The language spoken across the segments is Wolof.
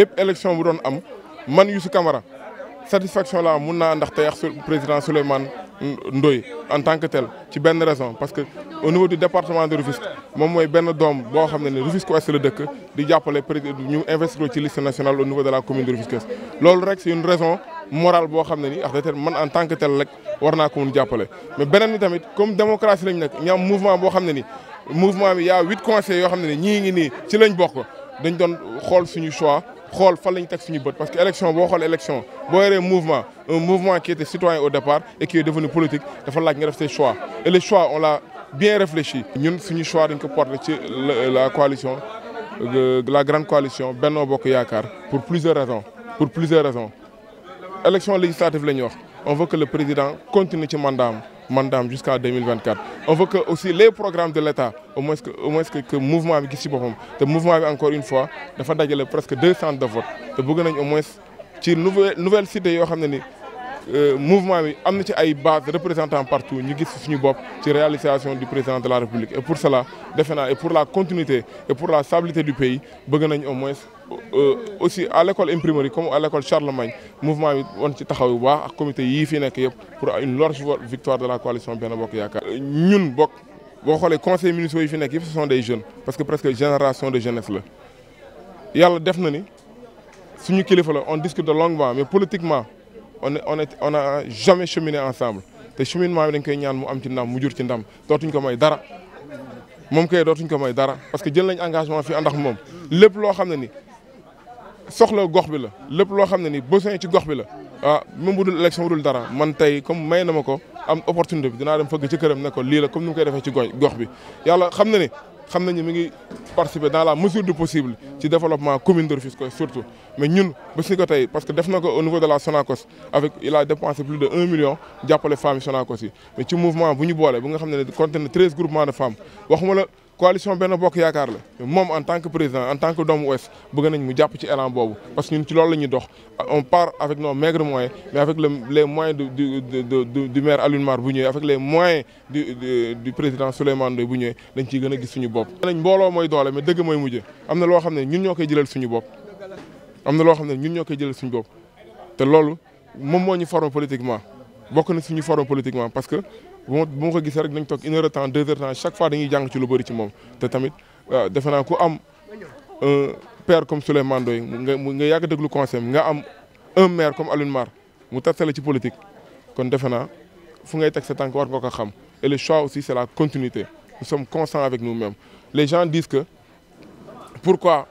bépp élection bu doon am man Youssou Camara satisfaction la mun naa ndax tey président Souleymane Ndoy en tant que tel ci ben raison parce que au niveau du département de Rufisque mom moy ben dom bo xamné ni ne Rufisque Ouest le deuk di jàppale ñu investir ci liste nationale au niveau de la commune de Rufisque lolu rek c'est une raison morale bo xamné ne ni ak ah, da man en tant que tel rek warna ko mun jappalé mais benen bi tamit comme démocratie lañ nek ñam mouvement bo xamné ni mouvement bi y'a 8 conseils yo xamné ni ñi ngi nii ci lañ bokk dañ don xol suñu choix il faut que nous parce que élection boo élection mouvement un mouvement qui était citoyen au départ et qui est devenu politique faut que nous fassions des choix et les choix on l'a bien réfléchi ñun suñu choix dañ porte la coalition la grande coalition Benno Bokk pour plusieurs raisons pour plusieurs raisons élection législative on veut que le président continue ci mandat mandat jusqu'à 2024 on veut que aussi les programmes de l'État au moins que au moins que mouvement avec gis ci mouvement encore une fois dafa a presque 200 de vote au moins ci nouvelle nouvelle cité euh, mouvement bi amna ci ay base représentants partout ñu gis suñu réalisation du président de la République et pour cela et pour la continuité et pour la stabilité du pays bëgg nañ au moins euh, aussi à l'école imprimerie comme à l'école Charlemagne mouvement bi won ci comité yi fi pour une large victoire de la coalition Nous bok Yaakaar euh, ñun bok bo xolé ce sont des jeunes parce que presque génération de jeunesse la yalla def na ni on discute de longuement mais politiquement on on on a jamais cheminé ensemble te cheminement bi dañ koy ñaan mu am ci ndam mu jur ci ndam dootuñ ko may dara moom kay dootuñ ko may dara parce que jël nañ engagement fii ànd ak moom lépp loo xam ne ni soxla gox bi la lépp loo xam ni besoin ci gox bi la ah même bu élection bu dara man tey comme may na ma am opportunité bi dinaa dem fëgg ci këram ne ko lii la comme ni mu koy defee ci gox bi yàlla xam ni xam nañu mi ngi participer dans la mesure du possible ci développement commune de Rufisque surtout mais nous, ba parce que au niveau de la Sonacos il a dépensé plus de 1 million les femmes yi mais ci mouvement bu ñu nga ne 13 groupements de femmes coalition de bokk yakar en tant que président en tant que homme ouest bëgg mu japp ci élan parce que ñun ci loolu on part avec nos maigres moyens mais avec les moyens du du maire de Mar avec les moyens du président Souleymane bu ñëw dañ Nous gëna gis suñu doole mais dëgg moy amna lo choses ñun ñokay jëlal suñu bop amna lo ñun ñokay jëlal suñu loolu politiquement bokk na suñu former politiquement parce que bon ma ko rek dañ tok une heure temps deux heures temps chaque fois dañuy jang ci lu bari ci mom te tamit defe naa ku am un euh, père comme Souleymane Doy nga yag yàgg conseil nga am un maire comme Alioune Mar mu tassalé ci politique kon defe naa fu ngay tek sa tànk war nga ko xam et le choix aussi c'est la continuité nous sommes constants avec nous-mêmes les gens disent que pourquoi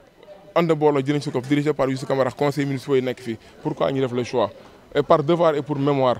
ànd booloo jëriñ si kof dirigé par Youssou Camara conseil municipal yi nek fi pourquoi ñu def le choix et par devoir et pour mémoire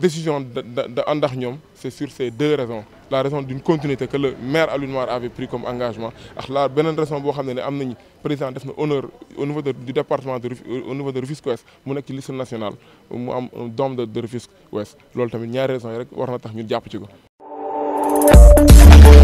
décision d'Andak c'est sur ces deux raisons. La raison d'une continuité que le maire Alun avait pris comme engagement. Et la raison pour laquelle le président a honneur au niveau du département, de, au niveau de Ouest, qui est liste nationale, un dôme de, de Ouest. C'est la raison pour laquelle nous avons pris.